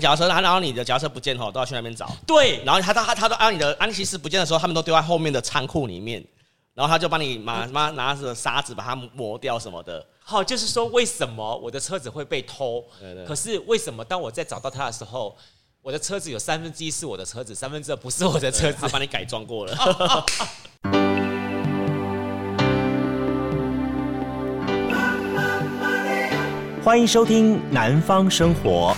腳踏他然後你的腳踏車不見吼，都要去那邊找。對，嗯、然後他他他都按、啊、你的安琪斯不見的時候，他們都丟在後面的倉庫裡面。然後他就幫你媽、嗯、媽拿着沙子把它磨掉什麼的。好、哦，就是說為什麼我的車子會被偷？對對對，可是為什麼當我在找到他的時候，我的車子有三分之一是我的車子，三分之二不是我的車子，幫你改裝過了。歡迎收聽《南方生活》。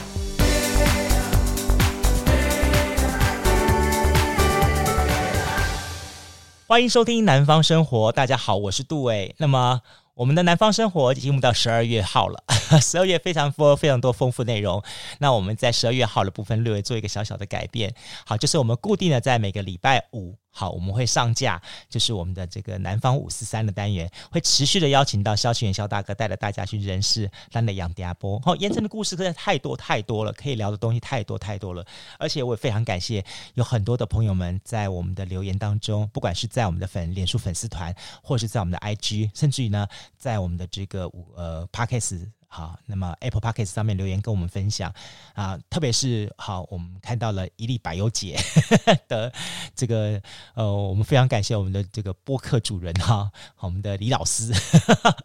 歡迎收聽《南方聲活》，大家好，我是杜偉。那麼，我們的《南方聲活》已經到十二月號了，十二月非常多、非常多豐富內容。那我們在十二月號的部分略微做一個小小的改變，好，就是我們固定的在每個禮拜五。好，我們會上架，就是我們的這個南方五四三的單元，會持續的邀請到蕭清元蕭大哥，帶着大家去認識他的楊迪亞波。好，鹽埕 的故事真的太多太多了，可以聊的東西太多太多了，而且我也非常感謝，有很多的朋友們在我們的留言當中，不管是在我們的粉臉書粉絲團，或是在我們的 IG，甚至於呢，在我們的這個呃 Podcast。Podcast 好，那麼 Apple Podcast 上面留言跟我們分享啊，特別是好，我們看到了一粒柏油姐的這個呃，我們非常感謝我們的這個播客主人哈、啊，我們的李老師哈哈、啊、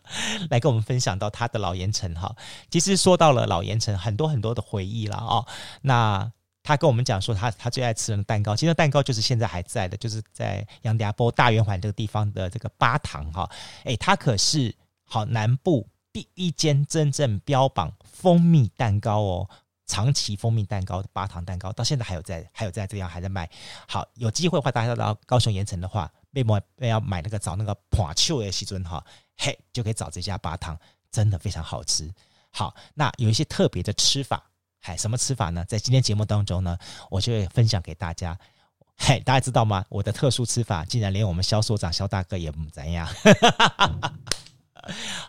來跟我們分享到他的老鹽埕哈。其實說到了老鹽埕，很多很多的回憶了啊。那他跟我們講說他，他他最愛吃的蛋糕，其實蛋糕就是現在還在的，就是在楊家坡大圓環這個地方的這個巴塘哈。誒、啊，它、欸、可是好南部。第一間真正標榜蜂蜜蛋糕哦，長崎蜂蜜蛋糕，巴堂蛋糕，到現在還有在，還有在這樣還在賣。好，有機會的話，大家到高雄鹽埕的話，要買要買那個找那個胖秋的西尊哈，嘿，就可以找這家巴堂，真的非常好吃。好，那有一些特別的吃法，嘿，什麼吃法呢？在今天節目當中呢，我就會分享給大家。嘿，大家知道嗎？我的特殊吃法，竟然連我們蕭所長蕭大哥也不怎樣。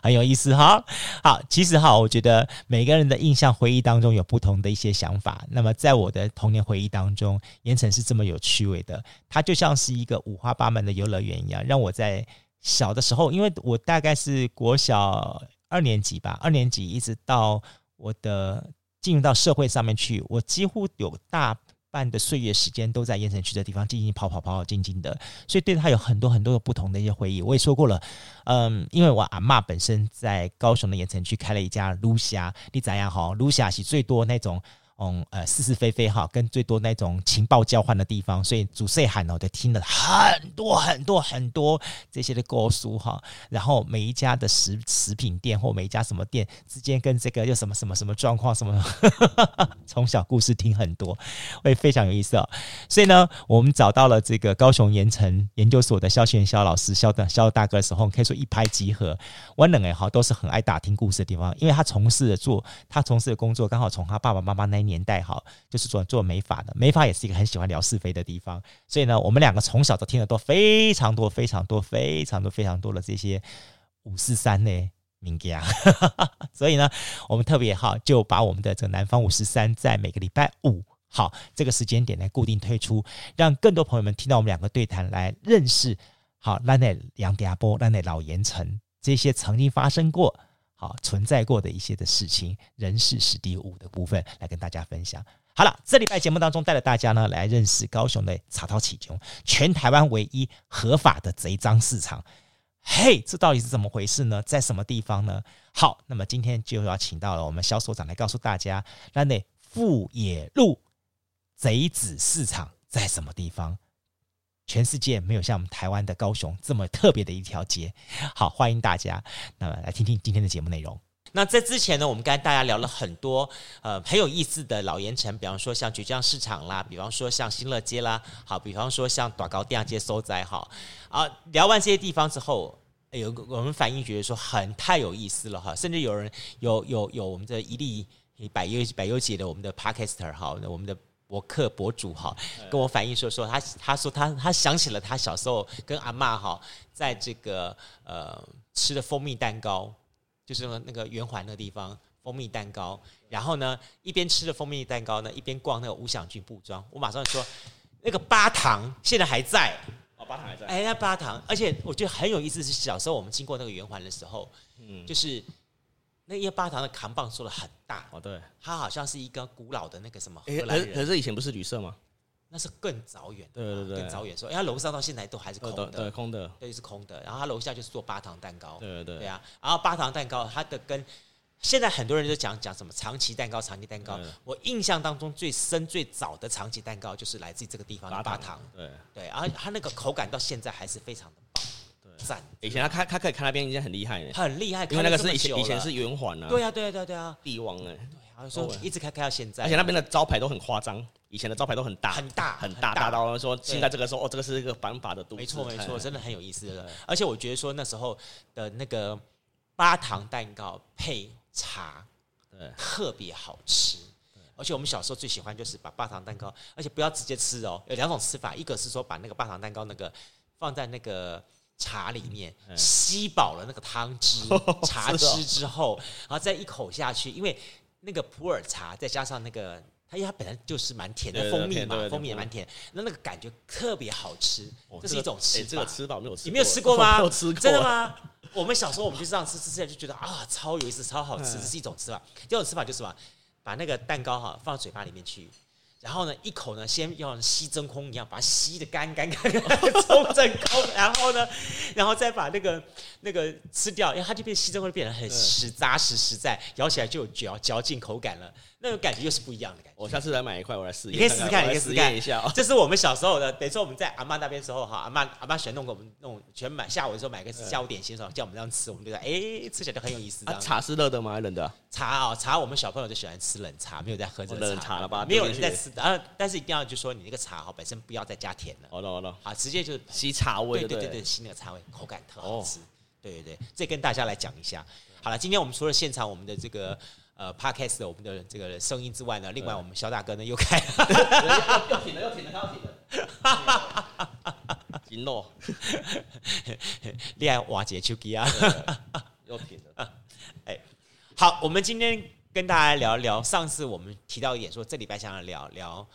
很有意思哈，好，其實哈，我覺得每個人的印象回憶當中有不同的一些想法。那麼在我的童年回憶當中，鹽埕是這麼有趣味的，它就像是一個五花八門的遊樂園一樣，讓我在小的時候，因為我大概是國小二年級吧，二年級一直到我的進入到社會上面去，我幾乎有大。半的歲月時間都在鹽埕區的地方進行跑跑跑跑進進的，所以對他有很多很多的不同的一些回憶。我也說過了，嗯，因為我阿嬤本身在高雄的鹽埕區開了一家滷霞，你咋樣好，滷霞是最多那種。嗯呃，是是非非哈，跟最多那種情報交換的地方，所以主瑞喊呢就聽了很多很多很多這些的歌書哈。然後每一家的食食品店或每一家什麼店之間跟這個又什麼什麼什麼狀況什麼呵呵呵，從小故事聽很多，會非常有意思，哦。所以呢，我們找到了這個高雄鹽埕研究所的蕭清元蕭老師，肖大肖大哥的時候，可以說一拍即合。我倆也哈都是很愛打聽故事的地方，因為他從事的做他從事的工作剛好從他爸爸媽媽那。年代好，就是做做美髮的美髮，也是一個很喜歡聊是非的地方。所以呢，我們兩個從小都聽了都非常多、非常多、非常多、非常多的這些五四三的名家。 所以呢，我們特別好就把我們的這個南方五四三，在每個禮拜五好這個時間點來固定推出，讓更多朋友們聽到我們兩個對談，來認識好那內楊迪亞波、那內老鹽埕這些曾經發生過存在過的一些的事情、人事時地物的部分，來跟大家分享。好了，這禮拜節目當中，帶着大家呢來認識高雄的賊仔市，全台灣唯一合法的賊贓市場。嘿，Hey，這到底是怎麼回事呢？在什麼地方呢？好，那麼今天就要請到了我們蕭所長來告訴大家，那那富野路賊子市場在什麼地方？全世界沒有像我們台灣的高雄這麼特別的一條街，好，歡迎大家，那麼來聽聽今天的節目內容。那在之前呢，我們跟大家聊了很多，呃，很有意思的老鹽埕，比方說像堀江市場啦，比方說像新樂街啦，好，比方說像短高第二街地、收仔好啊。聊完這些地方之後，有、哎、我們反應覺得說很太有意思了哈，甚至有人有有有我們的一粒百優百優姐的我們的 Podcaster 好，我們的。博客博主哈，跟我反映說說他，他說他他想起了他小時候跟阿嬤哈，在這個呃吃的蜂蜜蛋糕，就是那個圓環那個地方蜂蜜蛋糕，然後呢一邊吃的蜂蜜蛋糕呢，一邊逛那個吳想君布莊，我馬上說、嗯、那個巴糖現在還在哦，巴糖還在，哎那巴糖，而且我覺得很有意思是小時候我們經過那個圓環的時候，嗯，就是。那夜巴堂的扛棒做的很大哦，對，它好像是一個古老的那個什麼？哎、欸，可可是以前不是旅社嗎？那是更早遠的，對，對對對，更早遠說，因、欸、為樓上到現在都還是空的，對對對空的，對，是空的。然後它樓下就是做巴堂蛋糕，對對對，對啊。然後巴堂蛋糕，它的跟現在很多人就講講什麼長崎蛋糕、長崎蛋糕。對對對我印象當中最深、最早的長崎蛋糕就是來自於這個地方巴堂、堂，對對。然後它那個口感到現在還是非常的。以前他開可以開那邊已經很厲害了，很厲害，因為那個是以前以前是圓環啊。對啊，對啊，對啊，帝王哎，好像說一直開開到現在，而且那邊的招牌都很誇張，以前的招牌都很大，很大，很大，大到說現在這個時候哦，這個是一個繁華的都市，沒錯沒錯，真的很有意思。而且我覺得說那時候的那個八糖蛋糕配茶，特別好吃。而且我們小時候最喜歡就是把八糖蛋糕，而且不要直接吃哦，有兩種吃法，一個是說把那個八糖蛋糕那個放在那個。茶裡面吸飽了那個湯汁，茶汁之後，然後再一口下去，因為那個普洱茶再加上那個它，因為它本來就是蠻甜的，蜂蜜嘛，蜂蜜也蠻甜，那那個感覺特別好吃，這、就是一種吃法。你沒有吃過嗎？真的嗎？我們小時候我們就這樣吃，吃起來就覺得啊、哦，超有意思，超好吃，這是一種吃法。第二種吃法就是什麼？把那個蛋糕哈，放到嘴巴裡面去。然後呢，一口呢，先要吸真空一樣，把它吸的乾乾乾，抽 真空。然後呢，然後再把那個那個吃掉，然後它就變吸真空，就變得很實扎實實在，嗯、咬起來就有嚼嚼勁口感了，那種、個、感覺又是不一樣的感覺。我下次來買一塊，我來試。你可以試，試看，看看試你可以試，試看一下。哦。這是我們小時候的，等於說我們在阿嬤那邊時候哈，阿嬤阿嬤喜歡弄給我們弄全買，下午的時候買個下午點心的時候叫我們這樣吃，我們就說哎，吃起來就很有意思、啊。茶是熱的嗎？還是冷的、啊？茶哦，茶！我們小朋友就喜歡吃冷茶，沒有在喝這個茶了吧？沒有在吃，啊！但是一定要就說你那個茶哈，本身不要再加甜了。好了好了，好，直接就吸茶味。對對對吸那個茶味，口感特好吃。對對對，再跟大家來講一下。好了，今天我們除了現場我們的這個呃 podcast，我們的這個聲音之外呢，另外我們蕭大哥呢又開，又停了，又停了，又停了，金諾，厲害，瓦解手機啊，又停了，哎。好，我們今天跟大家聊一聊。上次我們提到一點，說這禮拜想要聊聊，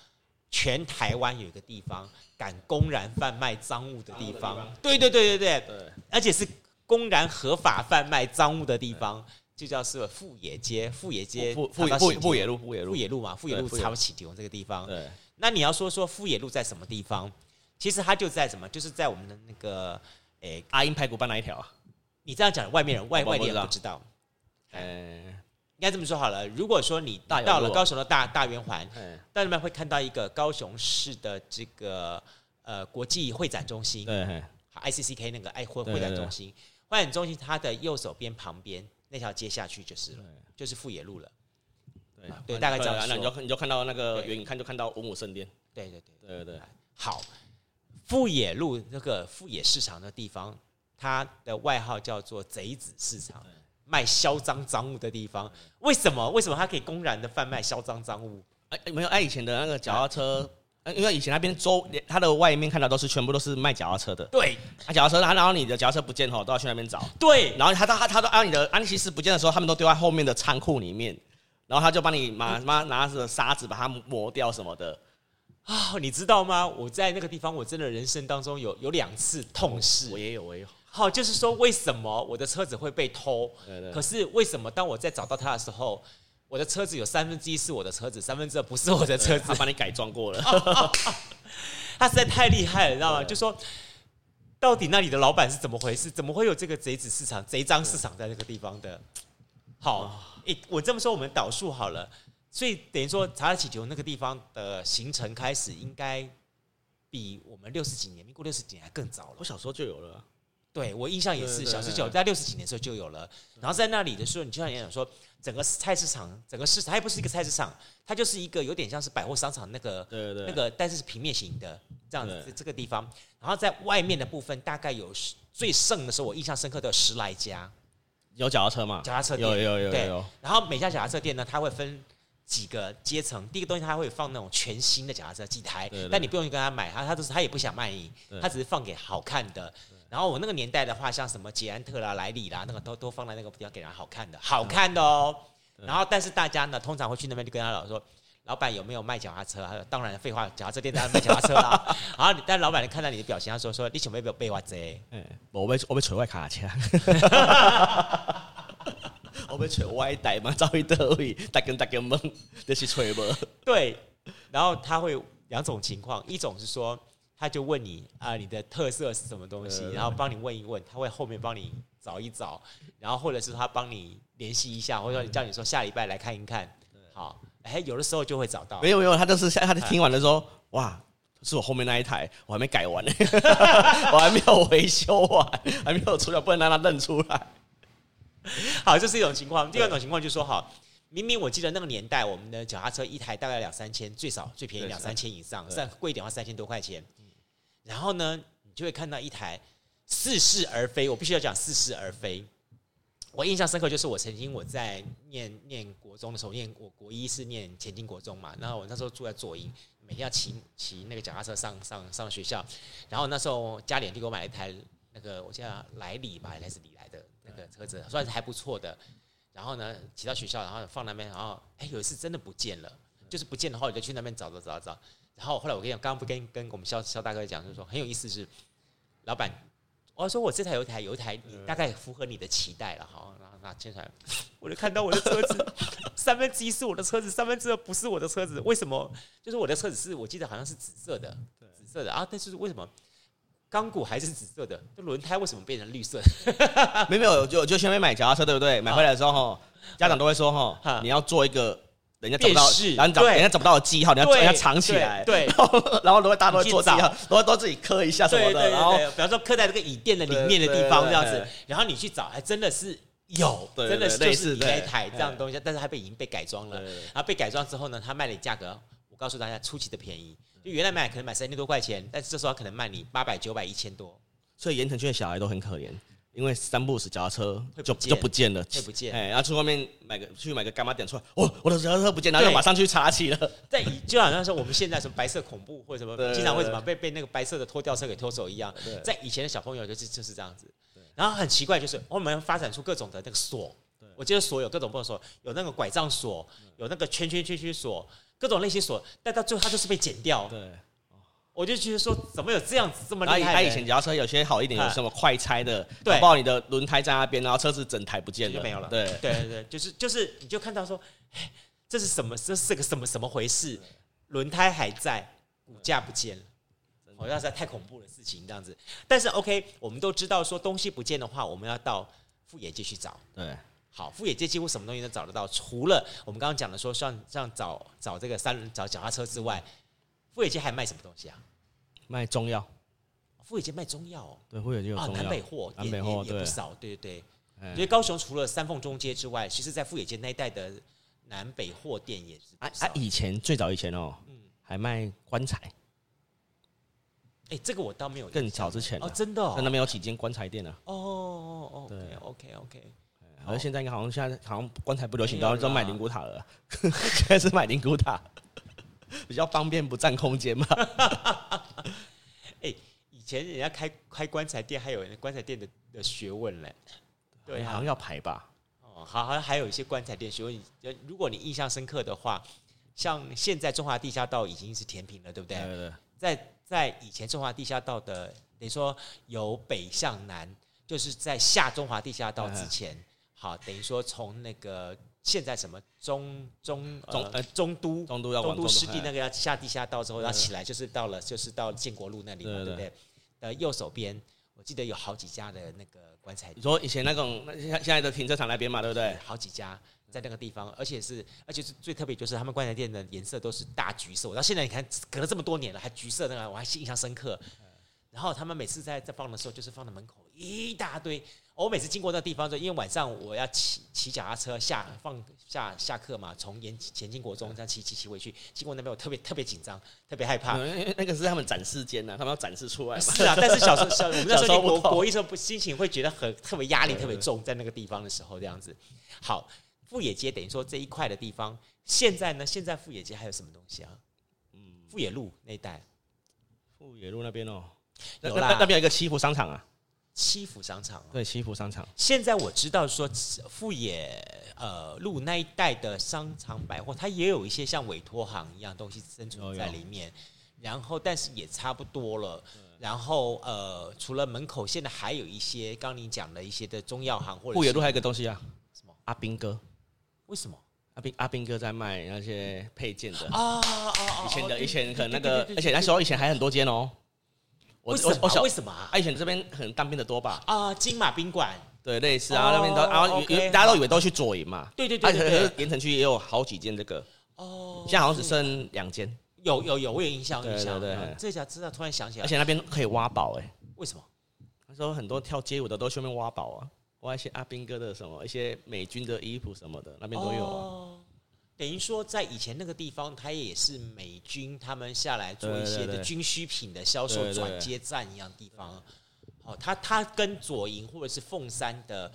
全台灣有一個地方敢公然販賣贓物的地方，對對對對對，而且是公然合法販賣贓物的地方，就叫是富野街。富野街，富富富野路，富野路，富野路嘛，富野路超起底，這個地方。那你要說說富野路在什麼地方？其實它就在什麼？就是在我們的那個誒阿英排骨飯那一條。你這樣講，外面人外，外人也不知道。嗯，應該這麼說好了。如果說你到了高雄的大大圓環，到那邊會看到一個高雄市的這個呃國際會展中心，ICCK 那個愛會會展中心，會展中心它的右手邊旁邊那條街下去就是了，就是富野路了。對，大概講完了，你就你就看到那個，遠遠看就看到五畝聖殿。對對對對對。好，富野路那個富野市場的地方，它的外號叫做賊仔市場。賣銷贓贓物的地方，為什麼？為什麼他可以公然的販賣銷贓贓物？哎、欸、沒有哎，以前的那個腳踏車，啊嗯、因為以前那邊周他的外面看到都是全部都是賣腳踏車的，對，他腳、啊、踏車，他然後你的腳踏車不見後都要去那邊找，對，然後他他他都按、啊、你的安西斯不見的時候，他們都丟在後面的倉庫裡面，然後他就幫你拿拿着、嗯、沙子把它磨掉什麼的啊，你知道嗎？我在那個地方，我真的人生當中有有兩次痛失、哦，我也有，我也有。好，就是說，為什麼我的車子會被偷？對對對，可是為什麼當我在找到他的時候，我的車子有三分之一是我的車子，三分之二不是我的車子，幫你改裝過了、哦哦哦。他實在太厲害了， 你知道嗎？對對對，就說到底那裡的老板是怎麼回事？怎麼會有這個賊仔市場、賊贓市場在那個地方的？嗯、好，誒、欸，我這麼說，我們倒數好了，所以等於說查起球那個地方的形成開始，應該比我們六十幾年、民國六十幾年還更早了。我小時候就有了。對我印象也是，小時九在六十幾年的時候就有了。然後在那裡的時候，你就像你講說，整個菜市場，整個市場，它也不是一個菜市場，它就是一個有點像是百貨商場那個，對對對對，那個，但是是平面型的這樣子對 這個地方。然後在外面的部分，大概有最盛的時候，我印象深刻都有十來家，有腳踏車嗎？腳踏車店有有有有。然後每家腳踏車店呢，它會分幾個階層。第一個東西它會放那種全新的腳踏車幾台，但你不用去跟他買，他他都是他也不想賣你，他只是放給好看的。然後我那個年代的話，像什麼捷安特啦、萊利啦，那個都都放在那個比較給人好看的、好看的哦。然後，但是大家呢，通常會去那邊就跟他老說：“老板有沒有賣腳踏車？”他說：“當然，廢話，腳踏車店當然賣腳踏車啦。”然後，但老板看到你的表情，他說：“說你準備要被我賊？”嗯，我們我們揣外卡車，我們揣外帶嘛， 我找伊得位，大根大根門就是揣無。對，然後他會兩種情況，一種是說。他就問你啊，你的特色是什麼東西？然後幫你問一問，他會後面幫你找一找，然後或者是他幫你聯繫一下，或者說叫你說下禮拜來看一看。好，哎，有的時候就會找到。沒有沒有，他就是他在聽完的時候，哇，是我後面那一台，我還沒改完，我還沒有維修完，還沒有出來，不能讓他認出來。好，這是一種情況。第二種情況就是說，好，明明我記得那個年代，我們的腳踏車一台大概兩三千，最少最便宜兩三千以上，再貴一點的話三千多塊錢。然後呢，你就會看到一台似是而非。我必須要講似是而非。我印象深刻就是我曾經我在念念國中的時候，我念我國一是念前進國中嘛。然後我那時候住在左營，每天要騎騎那個腳踏車上上上學校。然後那時候家裡就給我買了一台那個我叫來里吧，還是里來的那個車子，算是還不錯的。然後呢，騎到學校，然後放那邊，然後哎、欸，有一次真的不見了，就是不見的話，我就去那邊找找找找。找找找然後後來我跟你講，剛剛不跟跟我們肖肖大哥講，就是、說很有意思是，是老闆，我要說我這台有一台，有一台你大概符合你的期待了哈。好，然後那接下來我就看到我的車子 三分之一是我的車子，三分之二不是我的車子，為什麼？就是我的車子是我記得好像是紫色的，對紫色的啊，但是為什麼鋼骨還是紫色的？這輪胎為什麼變成綠色？沒 有沒有，我就就前面買腳踏車，車對不對？買回來的時候好家長都會說哈，好你要做一個。人家找不到，然後找，人家找不到的記號，人家人家藏起來，然後然後如果大家都會做到，然後都自己磕一下什麼的，然後比方說磕在這個椅墊的裡面的地方這樣子，然後你去找，還真的是有，真的是類似一台這樣的東西，但是它被已經被改裝了，然後被改裝之後呢，它賣的價格，我告訴大家，出奇的便宜，就原來賣可能買三千多塊錢，但是這時候可能賣你八百九百一千多，所以鹽埕區的小孩都很可憐。因為三步死腳踏車就就不見了，哎，然後去外面買個去買個干媽點出來，哦，我的腳踏車不見了，對然後又馬上去查起了。在以就好像說我們現在什麼白色恐怖 或者什麼，對經常會什麼被被那個白色的拖吊車給拖走一樣。對在以前的小朋友就是就是這樣子，對然後很奇怪就是我們發展出各種的那個鎖，對我記得鎖有各種不同鎖，有那個拐杖鎖，有那個圈圈圈圈鎖，各種類型鎖，但到最後它就是被剪掉。對我就覺得說，怎麼有這樣子這麼厲害？他、啊啊、以前腳踏車有些好一點，有什麼快拆的、啊，對，搞不好你的輪胎在那邊，然後車子整台不見了，沒有了。對對對，就是就是，你就看到說，這是什麼？這是個什麼什麼回事？輪胎還在，骨架不見了，好像是太恐怖的事情這樣子。但是 OK，我們都知道說，東西不見的話，我們要到富野界去找。對，好，富野界幾乎什麼東西都找得到，除了我們剛剛講的說，像像找找這個三輪找腳踏車之外。富野街還賣什麼東西啊？賣中藥。富野街賣中藥？對，富野街有啊，南北貨，南北貨也不少。對對對。所以高雄除了三鳳中街之外，其實在富野街那一帶的南北貨店也是啊，以前最早以前哦，還賣棺材。哎，這個我倒沒有。更早之前哦，真的哦，那邊有幾間棺材店呢？哦哦哦，對，OK OK。好像現在應該好像現在好像棺材不流行，然後就賣靈骨塔了，開始賣靈骨塔。比較方便，不占空間嘛 欸？以前人家開開棺材店，還有人棺材店的的學問嘞。對、啊欸，好像要排吧。哦好，好像還有一些棺材店，所以如果你印象深刻的話，像現在中華地下道已經是填平了，對不對？對。對對在在以前中華地下道的，等於說由北向南，就是在下中華地下道之前，好，等於說從那個。現在什麼中中中呃中都中，呃中都要管中都濕地那個要下地下道之後要起來，就是到了，嗯，就是到、就是、到建國路那裡嘛對不對？對，對，對，對呃。呃右手邊我記得有好幾家的那個棺材店，說以前那種像現在的停車場那邊嘛對不對？對，對，對，對。好幾家在那個地方，而且是而且是最特別就是他們棺材店的顏色都是大橘色，我到現在你看隔了這麼多年了還橘色那個我還印象深刻。然後他們每次在在放的時候，就是放在門口一大堆。我每次經過那地方的時候，因為晚上我要騎騎腳踏車下放下下課嘛，從前進國中這樣騎騎騎回去，經過那邊我特別特別緊張，特別害怕、嗯。那個是他們展示間呢、啊，他們要展示出來嘛。是啊，但是小時小 那時候我我那時候不心情會覺得很特別壓力特別重，在那個地方的時候這樣子。好，富野街等於說這一塊的地方，現在呢，現在富野街還有什麼東西啊？嗯，富野，野路那一帶，富野路那邊哦，有啦，那邊有一個西湖商場啊。七福商場，對，七福商場。現在我知道說富野呃路那一帶的商場百貨，它也有一些像委托行一樣東西生存在裡面，然後但是也差不多了。然後呃，除了門口，現在還有一些剛你講的一些的中藥行或者。富野路還有一個東西啊，什麼阿斌哥？為什麼阿斌阿斌哥在賣那些配件的啊！以前的以前可能那個，而且那時候以前還很多間哦。為什麼、啊？為什麼啊？啊這邊可能當兵的多吧？啊，金馬賓館，對，類似啊，哦、那邊都，啊，okay 大家都以為都去左營嘛。對，對對對。而且鹽埕區也有好幾間這個。哦。現在好像只剩兩間。有有有，我也印象，印象。對對對。這下知道，突然想起來。而且那邊可以挖寶哎、欸。為什麼？他說很多跳街舞的都去那邊挖寶啊，挖一些阿兵哥的什麼，一些美軍的衣服什麼的，那邊都有啊。哦等於說，在以前那個地方，它也是美軍他們下來做一些的軍需品的銷售轉接站一樣地方。好，它它跟左營或者是鳳山的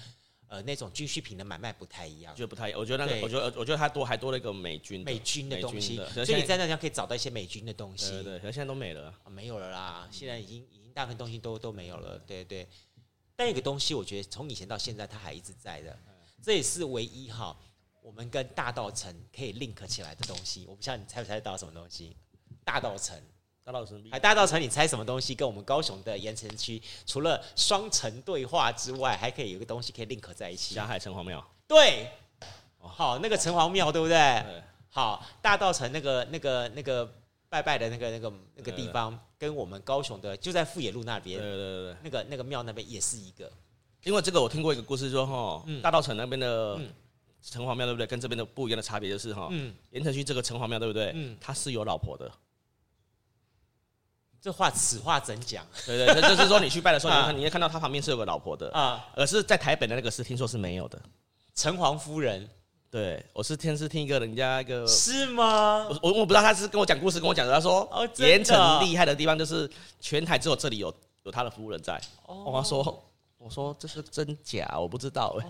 呃那種軍需品的買賣不太一樣，就不太一樣。我覺得那個，我覺得我覺得它還多還多了一個美軍，美軍的東西，所以你在那裡可以找到一些美軍的東西。對，現在都沒了、啊，沒有了啦。現在已經已經大部分東西都都沒有了，對，對對。但一個東西，我覺得從以前到現在，它還一直在的，這也是唯一哈。我們跟大稻埕可以 link 起來的東西，我不知道你猜不猜得到什麼東西。大稻埕、嗯，大稻埕，哎，大稻埕，你猜什麼東西？跟我們高雄的鹽埕區，除了雙城對話之外，還可以有一個東西可以 link 在一起。霞海城隍廟。對，好，那個城隍廟對不對？好，大稻埕那個那個那個拜拜的那個那個那個地方，跟我們高雄的就在富野路那邊。對對對，那個那個廟那邊也是一個。因為這個，我聽過一個故事說，哈，大稻埕那邊的。城隍廟對不對？跟這邊的不一樣的差別就是哈，鹽埕區這個城隍廟對不對？嗯，他是有老婆的。這話此話怎講？對對，就是說你去拜的時候，你看你會看到他旁邊是有個老婆的啊。而是在台北的那個是聽說是沒有的，城隍夫人。對，我是天是聽一個人家一個，是嗎？我我不知道他是跟我講故事，跟我講的。他說鹽埕厲害的地方就是全台只有這裡有有他的夫人在。我說，我說這是真假，我不知道哎。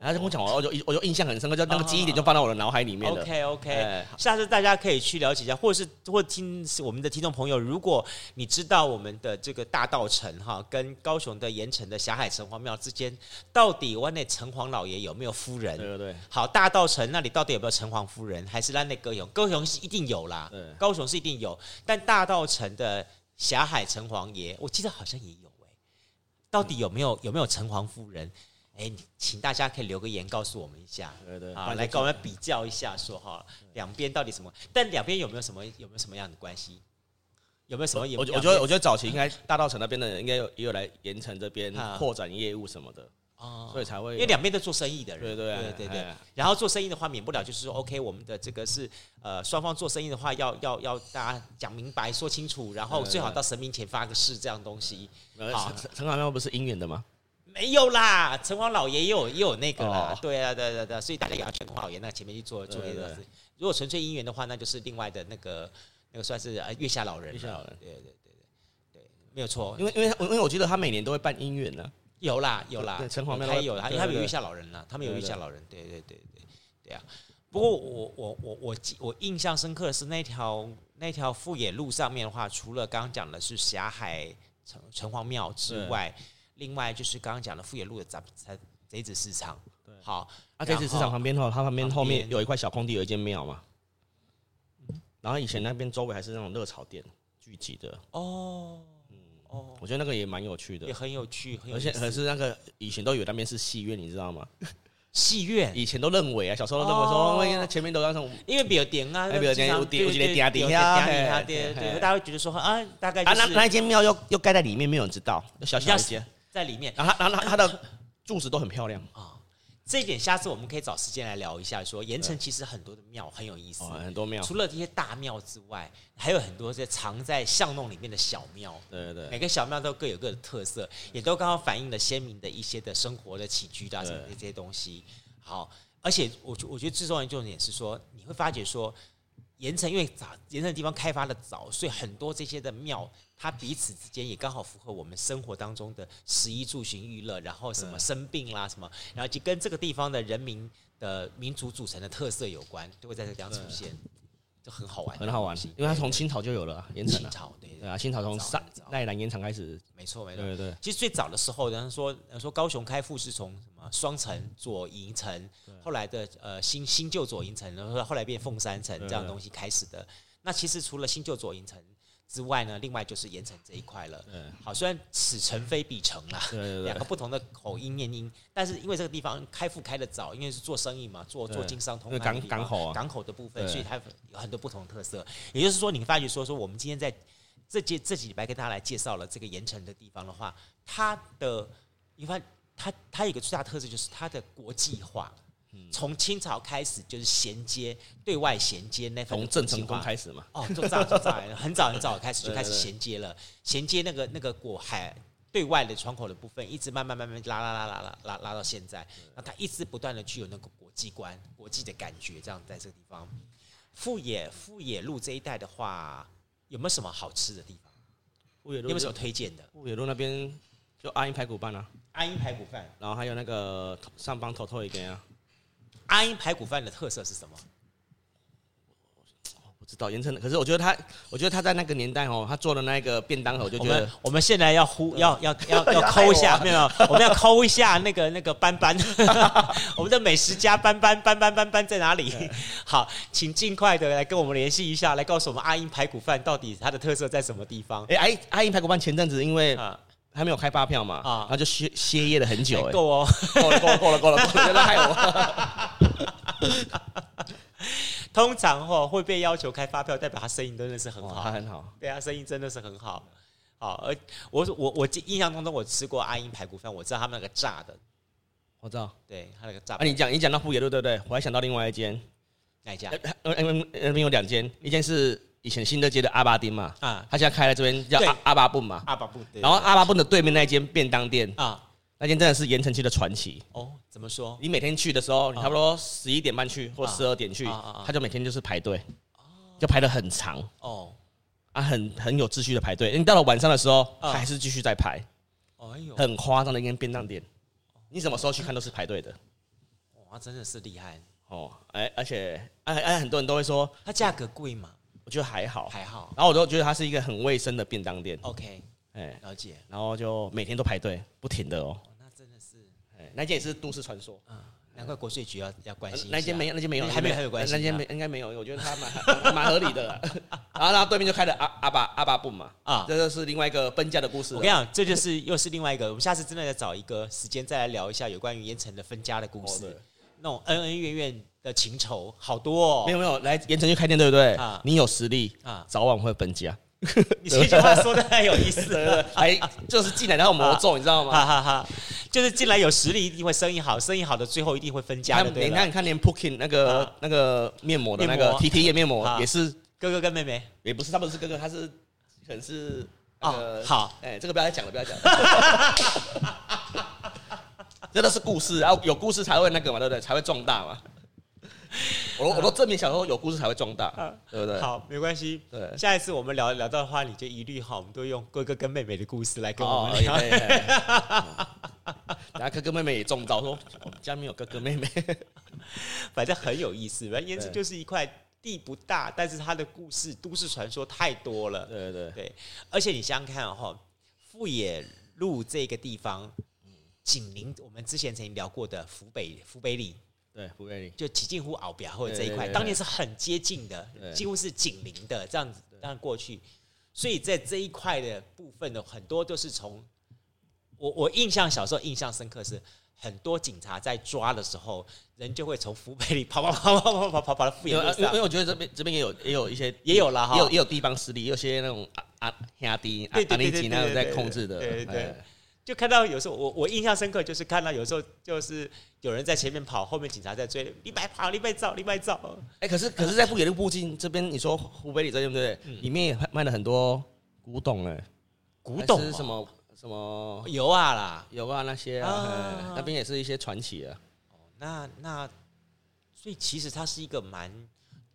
然後就跟我講完，我就我就印象很深刻，就那個記憶點就放到我的腦海裡面了 OK OK，、嗯、下次大家可以去了解一下，或是或聽我們的聽眾朋友，如果你知道我們的這個大稻埕哈，跟高雄的鹽埕的霞海城隍廟之間，到底灣內城隍老爺有沒有夫人？對，對對。好，大稻埕那裡到底有沒有城隍夫人？還是灣內高雄？高雄是一定有啦，嗯、高雄是一定有。但大稻埕的霞海城隍爺，我記得好像也有哎、欸，到底有沒有、嗯、有沒有城隍夫人？哎，欸、請大家可以留個言，告訴我們一下好。對對對，好，來跟我們比較一下說，說哈，兩邊到底什麼？但兩邊有沒有什麼？有沒有什麼樣的關係？有沒有什麼？有有什麼我覺得，有有我覺得早期應該大稻埕那邊的人應，應該有也有來鹽埕這邊擴展業務什麼的哦，啊啊啊、所以才會。因為兩邊都做生意的人，對對對、啊、對對對。然後做生意的話，免不了就是說，OK，我們的這個是呃，雙方做生意的話，要要要大家講明白、說清楚，然後最好到神明前發個誓，這樣東西。啊，城隍廟不是姻緣的嗎？沒有啦，城隍老爺也有也有那個啦、哦啊，對啊，對啊對、啊、對、啊，所以大家也要去城隍老爺那前面去做做一個，如果純粹姻緣的話，那就是另外的那個那個算是啊月下、下老人。月下老人，對對對對對，沒有錯。因為因為因為我覺得他每年都會辦姻緣呢。有啦有啦，城隍廟也有，他們有月下老人了，他們有月下老人，對對對對對呀、啊。不過我我我我我印象深刻的是那條那條富野路上面的話，除了剛剛講的是霞海城城隍廟之外。對另外就是剛剛講的富野路的賊賊賊子市場，對，好，那賊子市場旁邊後，它旁邊後面有一塊小空地，有一間廟嘛，嗯，然後以前那邊周圍還是那種熱炒店聚集的，哦，嗯哦，我覺得那個也蠻有趣的，也很有趣，而且可是那個以前都以為那邊是戲院，你知道嗎？戲院以前都認為啊，小時候都認為說，前面都那種，因為比較點啊，比較點，點點點啊，點點，對，大家會覺得說啊，大概啊，那那間廟又又蓋在裡面，沒有人知道，小小一在裡面，然後然後它的柱子都很漂亮啊，這一點下次我們可以找時間來聊一下說。說鹽對埕其實很多的廟很有意思，哦、對很多廟除了這些大廟之外，還有很多這藏在巷弄裡面的小廟，對對，對每個小廟都各有各的特色，嗯、也都剛好反映了先民的一些的生活的起居的、啊、對這些東西。好，而且我我覺得最重要的重點是說，你會發覺說。鹽埕因為早，鹽埕的地方開發的早，所以很多這些的廟，它彼此之間也剛好符合我們生活當中的食衣住行娛樂，然後什麼生病啦什麼，嗯、然後就跟這個地方的人民的民族組成的特色有關，都會在這地方出現。嗯就很好玩，很好玩，因為它從清朝就有了鹽、啊、埕。清朝對啊，清朝從三台南鹽埕開始。沒錯，沒錯。對對，對。其實最早的時候，人家說說高雄開埠是從什麼雙城左營城，對、呃、城，後來的呃新新舊左營城，然後後來變鳳山城這樣東西開始的。對對對，那其實除了新舊左營城。之外呢，另外就是鹽埕這一塊了。嗯對，好，雖然此城非彼城啊，兩個不同的口音念音，但是因為這個地方開埠開得早，因為是做生意嘛，做對做經商通港港口港口的部分，所以它有很多不同的特色。也就是說，你發覺說說我們今天在這幾這幾禮拜跟大家來介紹了這個鹽埕的地方的話，它的你發它它，它有一個最大特色就是它的國際化。從清朝開始就是銜接，對外銜接，那從鄭成功開始嘛，哦，從早從早很早很早開始就開始銜接了，對對對，銜接那個那個國海對外的窗口的部分，一直慢慢慢慢拉拉拉拉拉拉拉到現在，那他對一直不斷的具有那個國際觀，國際的感覺，這樣在這個地方，富野富野路這一帶的話有沒有什麼好吃的地方？富野路有沒有什麼推薦的？富野路那邊就阿英排骨飯啊，阿英排骨飯，然後還有那個上方頭頭一根啊。阿英排骨飯的特色是什麼？哦、我不知道，鹽埕的。可是我覺得他，我覺得他在那個年代哦，他做的那個便當盒，我就覺得我們，我們現在要呼要、嗯、要要要摳 一下，沒有？ 我們要摳一下那個那個斑斑。 我們的美食家斑斑斑斑斑斑在哪裡？對 好，請盡快的來跟我們聯繫一下，來告訴我們阿英排骨飯到底它的特色在什麼地方？哎、欸，阿英排骨飯前陣子因為，啊還沒有開發票嘛？啊，他就歇歇業了很久，欸。夠哦 夠哦，夠了，夠了，夠了，夠了，夠了，別賴我 通常哦會被要求開發票，代表他生意真的是很好，他很好。對啊，生意真的是很好。好，而我我我印象當中我吃過阿英排骨飯，我知道他們那個炸的。我知道。對，他那個炸。啊你講，你講你講到富野路對不對？我還想到另外一間。哪一家？呃、啊，那、嗯、邊、嗯嗯嗯嗯嗯、有兩間，一間是。以前新樂街的阿巴丁嘛，啊，他現在開在這邊叫阿阿巴布嘛，阿巴布。然後阿巴布的對面那間便當店啊，那間真的是鹽埕區的傳奇哦。怎麼說？你每天去的時候，你差不多十一點半去或十二點去，他就每天就是排隊，就排得很長哦。啊，很很有秩序的排隊。你到了晚上的時候，他還是繼續在排。哎呦，很誇張的一間便當店，你什麼時候去看都是排隊的。哇，真的是厲害哦。哎，而且哎很多人都會說它價格貴嘛。我覺得還好，還好。然後我就覺得它是一個很衛生的便當店。OK，哎，了解。然後就每天都排隊，不停的哦。那真的是，哎，那間也是都市傳說啊。難怪國稅局要要關心。那間沒，那間沒有，還沒有，還有關係。那間沒，應該沒有。我覺得它蠻蠻合理的。然後對面就開了阿阿巴阿巴布嘛。啊，這就是另外一個分家的故事。我跟你講，這就是又是另外一個。我們下次真的再找一個時間再來聊一下有關於鹽埕的分家的故事，那種恩恩怨怨。的情仇好多哦，沒有沒有，來鹽埕就開店對不對？啊，你有實力啊，早晚會分家。你這句話說的太有意思了，還，就是進來然後魔咒，你知道嗎？哈哈哈，就是進來有實力，一定會生意好，生意好的最後一定會分家的。你看，你看，連 Poking 那個那個面膜的那個 T T 眼面膜也是哥哥跟妹妹，也不是，他們是哥哥，他是可能是好，哎，這個不要再講了，不要講了。這都是故事，有故事才會那個嘛，對不對？才會壯大嘛。我我都正面想說，有故事才會壯大，啊、對不對？好，沒關係。對下一次我們聊聊到的話，你就一律哈，我們都用哥哥跟妹妹的故事來跟我們聊。然後哥哥妹妹也中招，說我們家裡面有哥哥妹妹， 反正很有意思。反正鹽埕就是一塊地不大，但是它的故事都市傳說太多了。對對對，對，而且你想想看哈，哦，富野路這個地方，緊、嗯、鄰我們之前曾經聊過的福北福北里。對，福北里就幾近乎鰲拜或者這一塊，對對對對當年是很接近的，對對對對幾乎是緊鄰的這樣子，這樣過去，所以在這一塊的部分的很多都是從我我印象小時候印象深刻是很多警察在抓的時候，人就會從福北里跑跑跑跑跑跑跑跑來福建。因為因為我覺得這邊這邊也有也有一些也有啦，哈，也有也有地方勢力，有些那種啊啊兄弟啊那幾那個在控制的，對。就看到有時候我我印象深刻，就是看到有時候就是有人在前面跑，後面警察在追，你白跑你白走，你白走。哎、欸，可是可是，在不遠的附近、呃、這邊，你說、呃呃呃呃、湖北里這邊對不對？嗯、裡面也賣了很多古董哎、欸，古董是什麼、哦、什麼油啊啦，油啊那些啊，啊那邊也是一些傳奇啊。哦，那那，所以其實它是一個蠻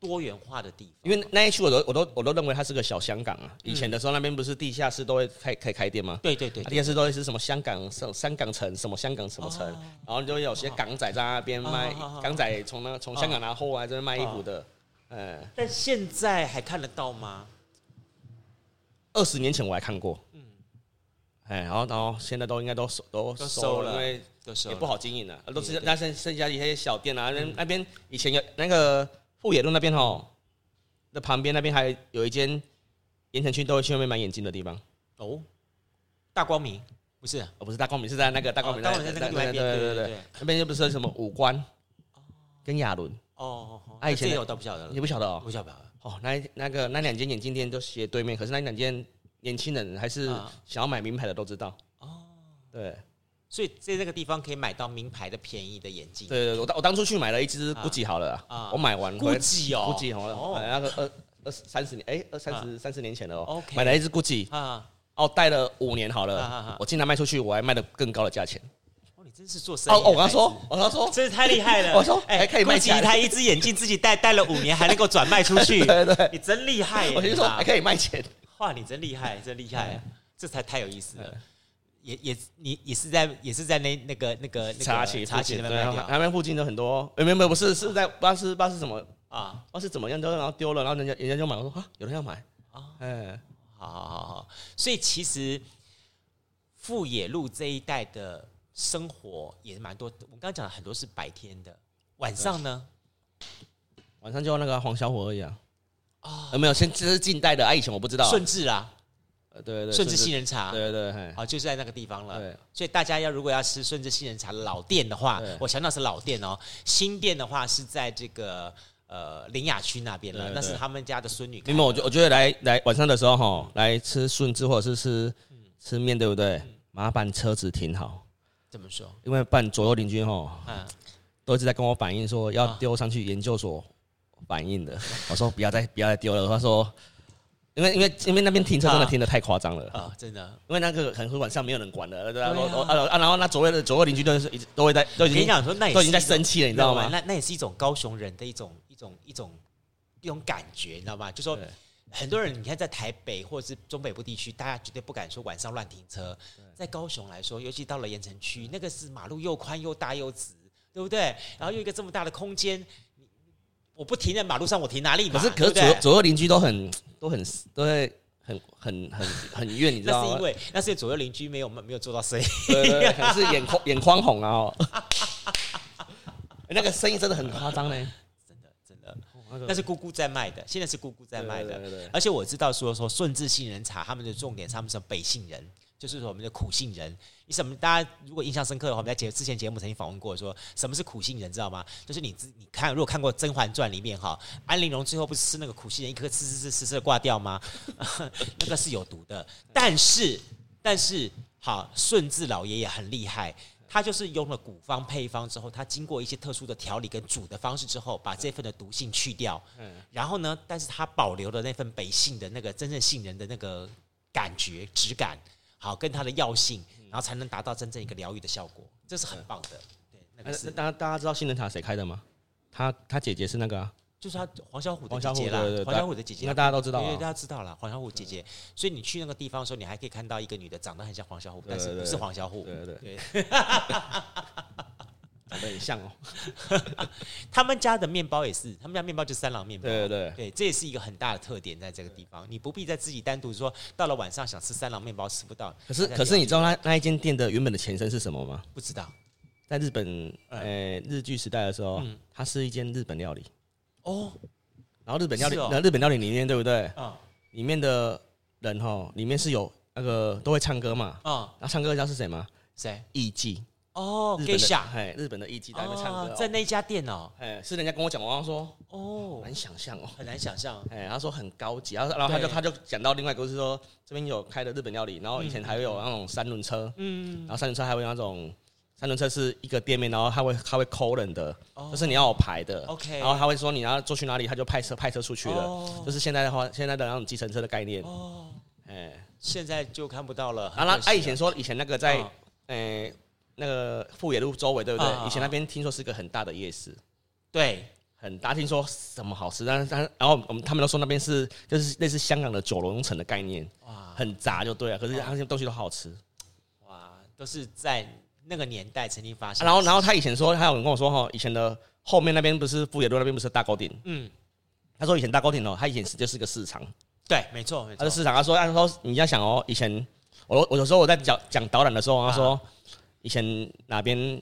多元化的地方，因為那一區我都我都我都認為它是個小香港啊。以前的時候，那邊不是地下室都會開開開店嗎？對對對，地下室都會是什麼香港什麼香港城，什麼香港什麼城，然後就有些港仔在那邊賣，港仔從那從香港拿貨啊，在那賣衣服的。嗯，但現在還看得到嗎？二十年前我還看過，嗯，哎，然後然後現在都應該都收都收了，因為也不好經營了，都是那剩剩下一些小店啊。那那邊以前有那個。富野路那邊吼，旁邊那旁邊那邊還有一間，鹽埕區都會去那邊買眼鏡的地方。哦，oh? 大光明不是？哦，不是大光明，是在那個大光明那邊，oh。對對對，對，那邊又不是什麼五官，跟亞綸。哦哦哦，這我倒不曉得。也不曉得哦，不曉得。哦，oh，那個、那個那兩間眼鏡店都斜對面，可是那兩間年輕人還是想要買名牌的都知道。哦，oh. 對。所以在這個地方可以買到名牌的便宜的眼鏡。對對，我我當初去買了一只 GUCCI 好了啊，我買完 GUCCI 哦，GUCCI 好了，買了二二三十年，哎，二三十三十年前了哦，買了。一只 GUCCI 啊，哦，戴了五年好了，我竟然賣出去，我還賣的更高的價錢。哦，你真是做生意。哦，我剛說，我剛說，這是太厲害了。我說，哎，還可以賣錢。GUCCI 他一只眼鏡自己戴戴了五年，還能夠轉賣出去。對對，你真厲害。我跟你說，還可以賣錢。哇，你真厲害，真厲害，這才太有意思了。也也你也是在也是在那那個那個起那個茶几茶几那邊，那邊附、附近的很多，沒有沒有不是是在不知道是不知道是什麼啊，不知道是怎麼樣都然後丟了，然後人家人家就買，我說啊，有人要買啊，哎、哦，好、欸、好好好，所以其實富野路這一帶的生活也蠻多，我們剛剛講了很多是白天的，晚上呢？晚上就那個黃小火而已啊，啊、哦，有沒有，先這是近代的啊，愛以前我不知道，順治啊。呃，對，順治杏仁茶，對對，好，就是在那個地方了。所以大家要如果要吃順治杏仁茶老店的話，我想到是老店哦。新店的話是在這個呃苓雅區那邊了，那是他們家的孫女。因為我覺得，我覺得來來晚上的時候哈，來吃順治或者是吃吃麵，對不對？麻煩車子停好。怎麼說？因為辦左右鄰居嗯，都一直在跟我反映說要丟上去研究所反映的。我說不要再不要再丟了。他說。因為因為因為那邊停車真的停得太誇張了啊，啊！真的，啊，因為那個很多晚上沒有人管的，對吧、啊？然後、啊啊、然後那左右的左右鄰居都，一都一是一直都會在都已經在都已經在生氣了，你知道嗎？那那也是一種高雄人的一種一種一種一種感覺，你知道嗎？就是、說對很多人你看在台北或者是中北部地區，大家絕對不敢說晚上亂停車，在高雄來說，尤其到了鹽埕區，那個是馬路又寬又大又直，對不對？然後又一個這麼大的空間。我不停在馬路上，我停哪裡嘛？可是可是左左右鄰居都很都很都會很很很很怨， 你知道嗎？ 那是因為那些左右鄰居沒有沒有做到生意， 可能是眼眶 眼眶紅、啊、哦。 那個生意真的很誇張呢、欸。真的真的。哦啊、那是姑姑在賣的，現在是姑姑在賣的。對對對對對而且我知道說說順治杏仁茶，他們的重點是他們是北杏仁。就是我們的苦杏仁，你什麼大家如果印象深刻的話，我們在節之前節目曾經訪問過說，說什麼是苦杏仁，知道嗎？就是你自你看，如果看過《甄嬛傳》裡面哈，安陵容最後不是吃那個苦杏仁一顆，滋滋滋滋滋的掛掉嗎？ 那個是有毒的，但是但是哈，順治老爺爺很厲害，他就是用了古方配方之後，他經過一些特殊的調理跟煮的方式之後，把這份的毒性去掉，嗯，然後呢，但是他保留了那份北杏的那個真正杏仁的那個感覺質感。好，跟它的藥性，然後才能達到真正一個療癒的效果，這是很棒的。對，那個是。大家知道新人塔誰開的嗎？他他姐姐是那個，就是他黃小琥的姐姐，黃小琥的姐姐。那大家都知道因為、啊、大家知道了黃小琥姐姐。對對對，所以你去那個地方的時候，你還可以看到一個女的，長得很像黃小琥，對對對對，但是不是黃小琥。對對對，對。對 很像哦，他們家的麵包也是，他們家麵包就是三郎麵包。對對對，這也是一個很大的特點，在這個地方，你不必再自己單獨說，到了晚上想吃三郎麵包吃不到。可是可是你知道那那一間店的原本的前身是什麼嗎？不知道，在日本呃日據時代的時候，它是一間日本料理哦。然後日本料理，那日本料理裡面對不對？嗯，裡面的人哈，裡面是有那個都會唱歌嘛？啊，那唱歌你知道是誰嗎？誰？藝妓。哦可以 g 日本的藝妓在那在那家店哦，是人家跟我講，我剛說，哦，很難想象哦，很難想象，他說很高級，然後然後他就他就講到另外一個，是說這邊有開的日本料理，然後以前還會有那種三輪車，嗯，然後三輪車還有那種三輪車是一個店面，然後他會他會 call 人的，就是你要我排的，然後他會說你要坐去哪裡，他就派車派車出去了，就是現在的話，現在的那種計程車的概念，哦，現在就看不到了，啊，他他以前說以前那個在，那個富野路周圍對不對？Oh、以前那邊聽說是個很大的夜市，oh、對，很大。聽說什麼好吃？但是但然後我們他們都說那邊是就是類似香港的九龍城的概念，哇，很雜就對了。可是他那些東西都好吃，哇，都是在那個年代曾經發生。啊、然後然後他以前說，他有人跟我說哈，以前的後面那邊不是富野路那邊不是大溝頂嗯，他說以前大溝頂哦，他以前就是個市場， 對，沒錯，他的市場。他說，他說你要想哦，以前我我有時候我在講講導覽的時候，他說。Oh 嗯嗯以前哪邊，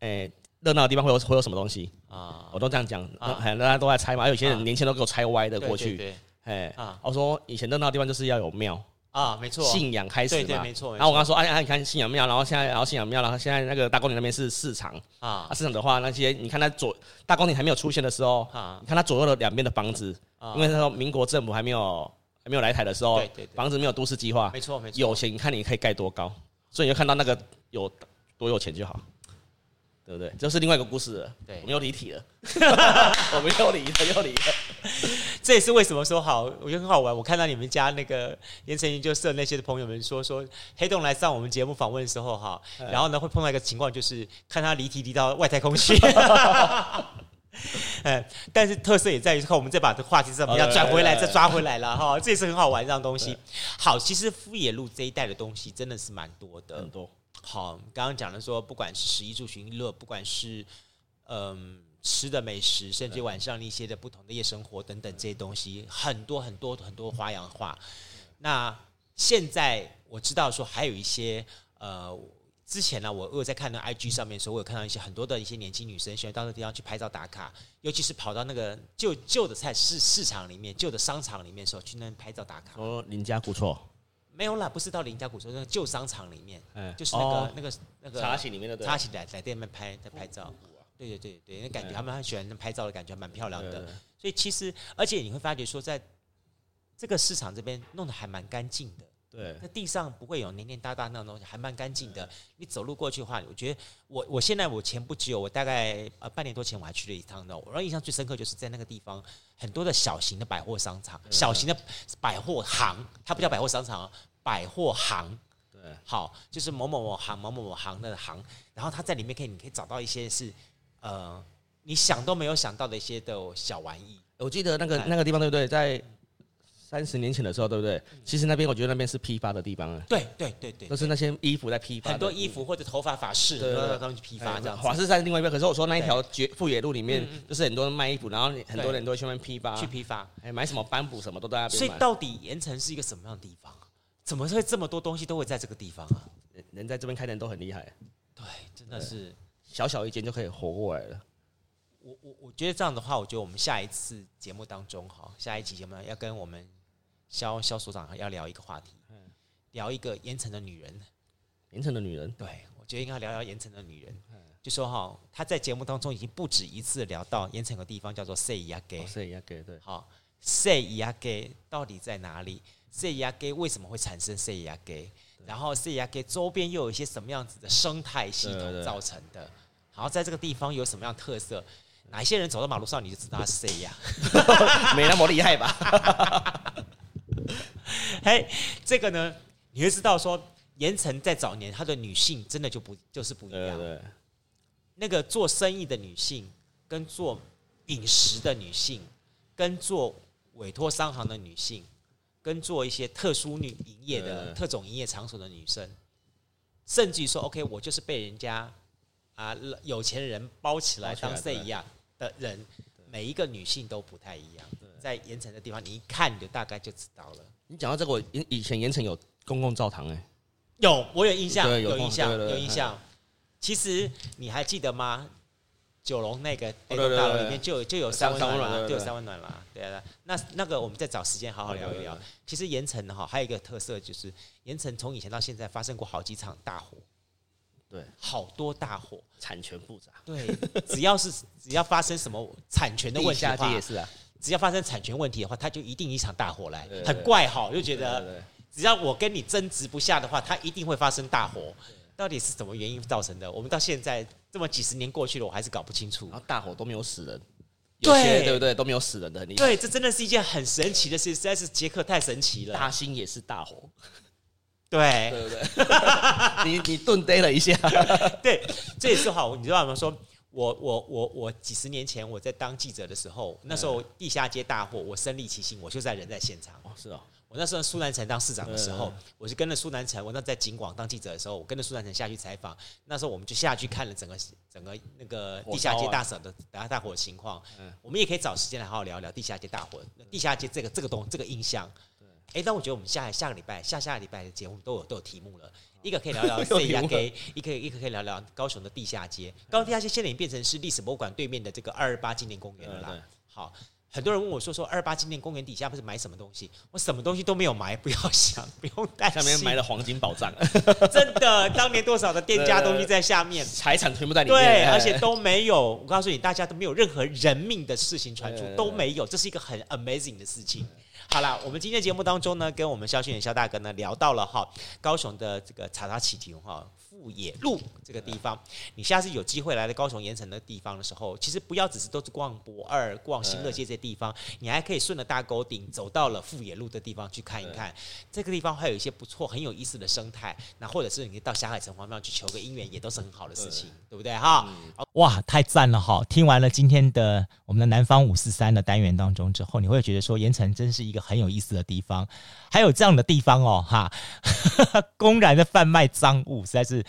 誒熱鬧的地方會有會有什麼東西啊？我都這樣講，啊，像大家都在猜嘛。有些人年輕都給我猜歪的過去。對對。誒啊！我說以前熱鬧的地方就是要有廟啊，沒錯，信仰開始嘛。沒錯。然後我剛剛說，啊，你看信仰廟，然後現在然後信仰廟，然後現在那個大溝頂那邊是市場啊。啊，市場的話，那些你看它左大溝頂還沒有出現的時候啊，你看它左右的兩邊的房子，因為那時候民國政府還沒有還沒有來台的時候，對對房子沒有都市計劃，沒錯沒錯，有錢看你可以蓋多高，所以你就看到那個。有多有錢就好，對不對？這是另外一個故事。對，我們又離題了，我們又離了，又離了。這也是為什麼說好？我覺得很好玩。我看到你們家那個鹽埕研究所那些的朋友們說，說黑洞來上我們節目訪問的時候哈，然後呢會碰到一個情況，就是看他離題離到外太空去。哎，但是特色也在於，看我們這把話題怎麼樣轉回來，再抓回來了哈，這也是很好玩這樣東西。好，其實富野路這一帶的東西真的是蠻多的，很多。好，剛剛講的說，不管是食衣住行樂，不管是嗯吃的美食，甚至晚上一些的不同的夜生活等等這些東西，很多很多很多花樣化。那現在我知道說，還有一些呃，之前呢、啊，我有在看到 IG 上面的時候，我有看到一些很多的一些年輕女生喜歡到那地方去拍照打卡，尤其是跑到那個舊舊的菜市市場裡面、舊的商場裡面的時候，去那拍照打卡哦，您家不錯。沒有啦，不是到林家古村那個舊商場裡面，欸、就是那個、哦、那個那個茶席裡面的茶席擺擺店裡面拍在拍照，對、啊、對對對，那感覺他們很喜歡那拍照的感覺蠻漂亮的，對對對，所以其實而且你會發覺說，在這個市場這邊弄得還蠻乾淨的。對那地上不會有黏黏噠噠那種東西，還蠻乾淨的。對你走路過去的話，我覺得我我現在我前不久我大概呃半年多前我還去了一趟呢。我讓印象最深刻就是在那個地方很多的小型的百貨商場、對小型的百貨行。對它不叫百貨商場，對百貨行。對，好，就是某某某行、某某某行的行。然後它在裡面可以，你可以找到一些是呃你想都沒有想到的一些的小玩意。我記得那個對那個地方對不對？在。三十年前的時候，對不對？嗯、其實那邊我覺得那邊是批發的地方啊。對對對對，對對對，都是那些衣服在批發，很多衣服或者頭髮、髮飾，然後他們批發這樣。髮飾在另外一邊，可是我說那一條絕富對野路裡面，就是很多人賣衣服，然後很多人都去那邊批發。去批發，哎、欸，買什麼斑布什麼都在那邊。所以到底鹽埕是一個什麼樣的地方啊？怎麼會這麼多東西都會在這個地方啊？人，人在這邊開店都很厲害。對，真的是小小一間就可以活過來了。我我我覺得這樣的話，我覺得我們下一次節目當中哈，下一集節目要跟我們。蕭、蕭所長要聊一個話題，聊一個鹽埕的女人。鹽埕的女人，對，我覺得應該聊聊鹽埕的女人。嗯嗯、就說哈，他在節目當中已經不止一次聊到鹽埕有個地方叫做賊仔市，塞、哦、賊仔市對，好，賊仔市到底在哪裡？賊仔市為什麼會產生賊仔市？對然後賊仔市周邊又有一些什麼樣子的生態系統造成的？好，在這個地方有什麼樣特色？哪些人走到馬路上你就知道塞亞， 沒那麼厲害吧？ 哎，這個呢，你會知道說，鹽埕在早年，她的女性真的就不就是不一樣。對,對,對，那個做生意的女性，跟做飲食的女性，跟做委托商行的女性，跟做一些特殊女營業的、對特種營業場所的女生，甚至於說，OK，我就是被人家啊有錢人包起來當細姨一樣的人，的每一個女性都不太一樣。對在鹽埕的地方，你一看你就大概就知道了。你講到這個，以以前鹽埕有公共澡堂哎。有，我有印象，有印象，有印象。其實你還記得嗎？九龍那個大樓裡面，就有就有三溫暖啦，就有三溫暖啦。對啊，那那個我們再找時間好好聊一聊。其實鹽埕哈還有一個特色就是，鹽埕從以前到現在發生過好幾場大火，對，好多大火，產權複雜，對，只要是只要發生什麼產權的問題的話，也是啊。只要發生產權問題的話，他就一定一場大火來，對對對很怪哈，我就覺得對對對只要我跟你爭執不下的話，他一定會發生大火。對對對到底是什麼原因造成的？我們到現在這麼幾十年過去了，我還是搞不清楚。然後大火都沒有死人，對,對對不對？都沒有死人的，對，這真的是一件很神奇的事。實在是傑克太神奇了。大興也是大火，對,對對不對？ 你你頓堆了一下， 對，這也是好。你知道嗎？說。我我我我幾十年前我在當記者的時候，嗯、那時候地下街大火，我身歷其境，我就在人在現場。哦、是啊、哦，我那時候蘇南成當市長的時候，嗯、對對對我是跟着蘇南成，我那在警廣當記者的時候，我跟着蘇南成下去採訪。那時候我們就下去看了整個整個那個地下街大省的大、啊、大火的情況。嗯、我們也可以找時間來好好聊聊地下街大火，地下街這個這個東這個印象。哎，但、欸、我覺得我們下下個禮拜、下下個禮拜的節目都有都有題目了，一個可以聊聊一個可以一個可以聊聊高雄的地下街。嗯、高雄地下街現在已經變成是歷史博物館對面的這個二二八紀念公園了啦。嗯、好，很多人問我說說二八紀念公園底下不是埋什麼東西？我什麼東西都沒有埋，不要想，不用擔心。下面埋了黃金寶藏， 真的，當年多少的店家東西在下面，財產全部在裡面，對，而且都沒有。我告訴你，大家都沒有任何人命的事情傳出，對對對對都沒有，這是一個很 amazing 的事情。對對對好了，我們今天節目當中呢，跟我們蕭清元蕭大哥呢聊到了哈、哦，高雄的這個賊仔市哈。哦富野路這個地方，你下次有機會來到高雄鹽埕的地方的時候，其實不要只是都是逛博二、逛新樂街這些地方，你還可以順着大溝頂走到了富野路的地方去看一看，這個地方還有一些不錯、很有意思的生態。那或者是你到霞海城隍廟去求個姻緣，也都是很好的事情，對，對，對，對不對哈、嗯？哇，太贊了哈！聽完了今天的我們的南方五四三的單元當中之後，你會覺得說鹽埕真是一個很有意思的地方。還有這樣的地方哦，哈，公然的販賣贓物，實在是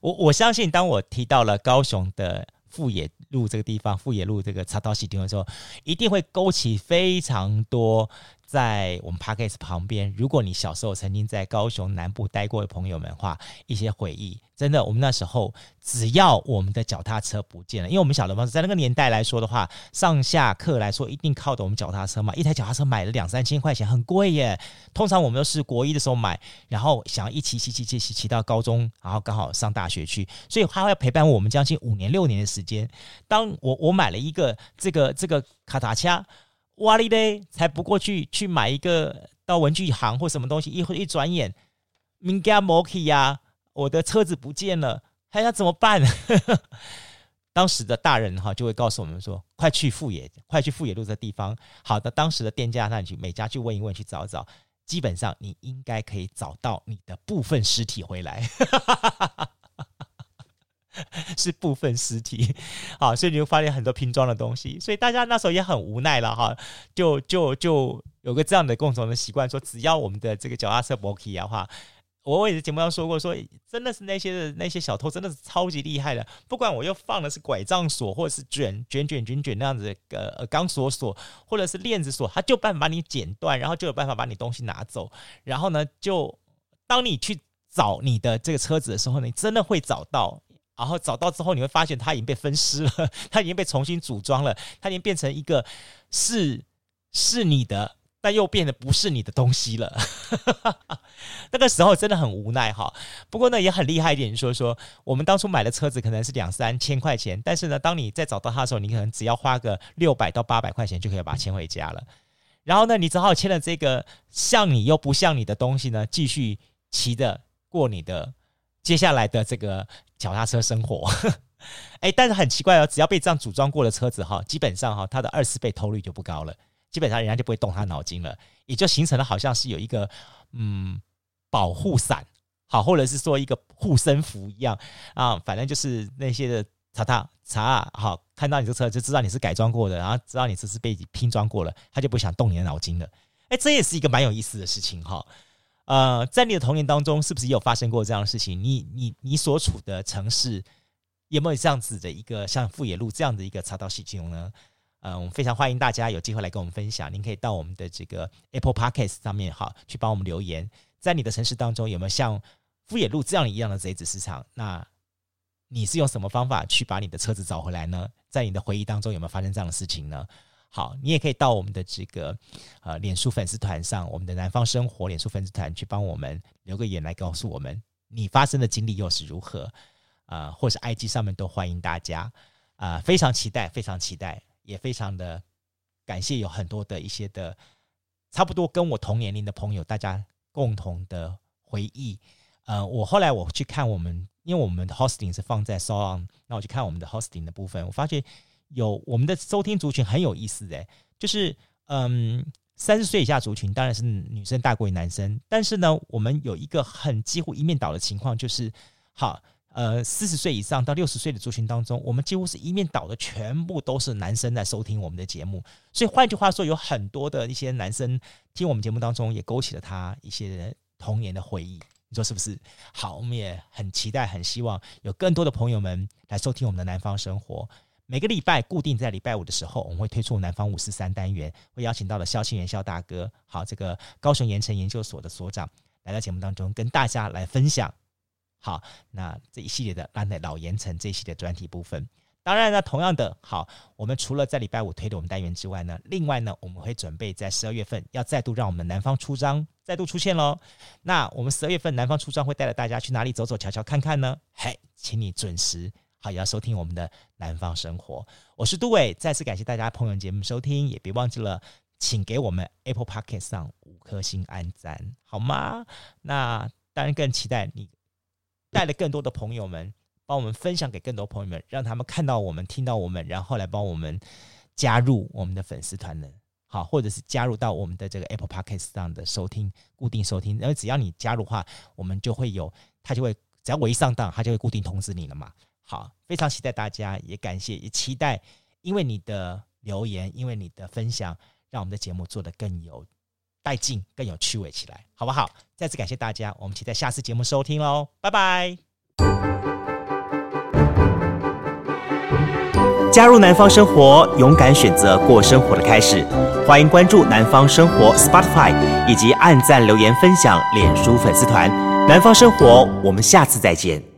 我，我相信，當我提到了高雄的富野路這個地方，富野路這個賊仔市的時候，一定會勾起非常多。在我們帕克斯旁邊，如果你小時候曾經在高雄南部待過的朋友們的話，話一些回憶，真的，我們那時候只要我們的腳踏車不見了，因為我們小的得嘛，在那個年代來說的話，上下課來說一定靠的我們腳踏車嘛，一台腳踏車買了兩三千塊錢，很貴耶。通常我們都是國一的時候買，然後想要一騎騎騎騎騎騎到高中，然後剛好上大學去，所以他會陪伴我們將近五年六年的時間。當我我買了一個這個這個卡達恰。哇哩嘞，才不過去去買一個到文具行或什麼東西，一會一轉眼，Minga m o k 呀，我的車子不見了，還要怎麼辦？ 當時的大人哈就會告訴我們說，快去富野，快去富野路這地方。好的，當時的店家那你去，每家去問一問，去找一找，基本上你應該可以找到你的部分實體回來。 是部分屍體，好，所以你會發現很多拼裝的東西。所以大家那時候也很無奈了哈，就就就有個這樣的共同的習慣說，說只要我們的這個腳踏車不騎的話，我我也在節目上說過說，說真的是那些的那些小偷真的是超級厲害的，不管我又放的是拐杖鎖或者是卷卷，卷卷卷卷卷那樣子的呃鋼鎖鎖或者是鏈子鎖，他就辦法把你剪斷，然後就有辦法把你東西拿走。然後呢，就當你去找你的這個車子的時候，你真的會找到。然後找到之後，你會發現它已經被分屍了，它已經被重新組裝了，它已經變成一個是是你的，但又變得不是你的東西了。 那個時候真的很無奈哈。不過呢，也很厲害一點，你、就是、說說，我們當初買的車子可能是兩三千塊錢，但是呢，當你再找到它的時候，你可能只要花個六百到八百塊錢就可以把它牽回家了。然後呢，你只好牽了這個像你又不像你的東西呢，繼續騎着過你的接下來的這個腳踏車生活， 哎、欸，但是很奇怪哦，只要被這樣組裝過的車子哈，基本上哈，它的二次被偷率就不高了，基本上人家就不會動他腦筋了，也就形成了好像是有一個嗯保護傘，好，或者是說一個護身符一樣啊，反正就是那些的查他查啊，好，看到你這車就知道你是改裝過的，然後知道你這是被拼裝過了，他就不會想動你的腦筋了，哎、欸，這也是一個蠻有意思的事情哈。呃，在你的童年當中，是不是也有發生過這樣的事情？你、你、你所處的城市有沒有這樣子的一個像富野路這樣的一個賊仔市集呢？嗯、呃，我們非常歡迎大家有機會來跟我們分享。您可以到我們的這個 Apple Podcast 上面哈，去幫我們留言，在你的城市當中有沒有像富野路這樣一樣的賊仔市場？那你是用什麼方法去把你的車子找回來呢？在你的回憶當中有沒有發生這樣的事情呢？好，你也可以到我們的這個，呃，臉書粉絲團上，我們的南方生活臉書粉絲團去幫我們留個言，來告訴我們你發生的經歷又是如何，啊、呃，或是 IG 上面都歡迎大家，啊、呃，非常期待，非常期待，也非常的感謝有很多的一些的，差不多跟我同年齡的朋友，大家共同的回憶，呃，我後來我去看我們，因為我們的 hosting 是放在 s、so、o o n g 那我去看我們的 hosting 的部分，我發現。有我們的收聽族群很有意思的就是嗯，三十歲以下族群當然是女生大過於男生，但是呢，我們有一個很幾乎一面倒的情況，就是好呃四十歲以上到六十歲的族群當中，我們幾乎是一面倒的全部都是男生來收聽我們的節目，所以換句話說，有很多的一些男生聽我們節目當中也勾起了他一些童年的回憶，你說是不是？好，我們也很期待，很希望有更多的朋友們來收聽我們的《南方聲活》。每個禮拜固定在禮拜五的時候，我們會推出《南方五四三單元》，會邀請到了蕭清元蕭大哥，好，這個高雄鹽埕研究所的所長，來到節目當中跟大家來分享。好，那這一系列的《啊、老鹽埕》這一系列的專題部分，當然呢，同樣的好，我們除了在禮拜五推的我們單元之外呢，另外呢，我們會準備在十二月份要再度讓我們南方出張再度出現嘍。那我們十二月份南方出張會帶着大家去哪裡走走瞧瞧看看呢？嘿，請你準時。好，也要收聽我們的《南方聲活》，我是杜偉，再次感謝大家朋友節目收聽，也別忘記了，請給我們 Apple Podcast 上五顆星按讚，好嗎？那當然更期待你帶了更多的朋友們幫我們分享給更多朋友們，讓他們看到我們、聽到我們，然後來幫我們加入我們的粉絲團呢。好，或者是加入到我們的這個 Apple Podcast 上的收聽固定收聽，因為只要你加入的話，我們就會有，他就會只要我一上檔，他就會固定通知你了嘛。好，非常期待大家，也感謝，也期待，因為你的留言，因為你的分享，讓我們的節目做得更有帶勁，更有趣味起來，好不好？再次感謝大家，我們期待下次節目收聽哦，拜拜！加入南方聲活，勇敢選擇過生活的開始，歡迎關注南方聲活 Spotify，以及按讚、留言、分享臉書粉絲團。南方聲活，我們下次再見。